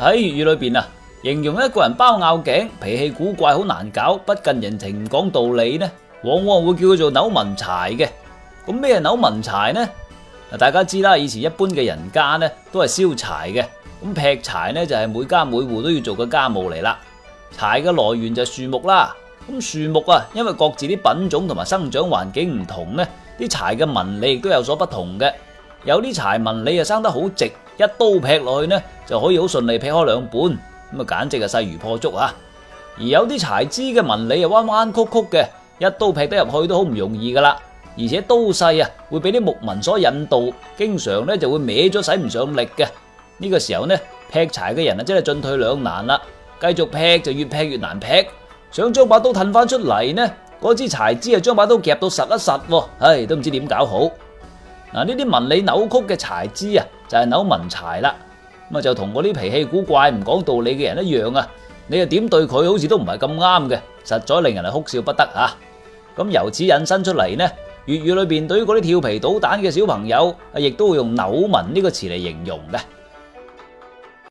喺粵語裏邊啊，形容一個人包拗頸、脾氣古怪、好難搞、不近人情、唔講道理咧，往往會叫佢做扭紋柴嘅。咁咩人扭紋柴呢？大家知啦，以前一般嘅人家呢，都係燒柴嘅。咁劈柴呢，就係每家每戶都要做嘅家務嚟啦。柴嘅來源就係樹木啦。咁樹木啊，因為各自啲品種同埋生長環境唔同呢，啲柴嘅紋理亦都有所不同嘅。有啲柴紋理啊生得好直，一刀劈落去呢就可以好順利劈開兩半，咁啊簡直係勢如破竹啊！而有啲柴枝嘅紋理啊彎彎曲曲嘅，一刀劈得入去都好唔容易噶啦，而且刀勢啊會俾啲木紋所引導，經常呢就會歪咗，使唔上力嘅。呢個時候呢劈柴嘅人啊真係進退兩難啦，繼續劈就越劈越難劈，想將把刀褪翻出嚟呢，嗰支柴枝啊將把刀夾到實一實，唉都唔知點搞好。嗱，呢啲紋理扭曲嘅柴枝啊，就係扭紋柴啦。咁啊，就同嗰啲脾氣古怪、唔講道理嘅人一樣啊。你又點對佢，好似都唔係咁啱嘅，實在令人係哭笑不得吓。咁啊，由此引申出嚟呢，粵語裏邊對於嗰啲調皮搗蛋嘅小朋友啊，亦都會用扭紋呢個詞嚟形容嘅。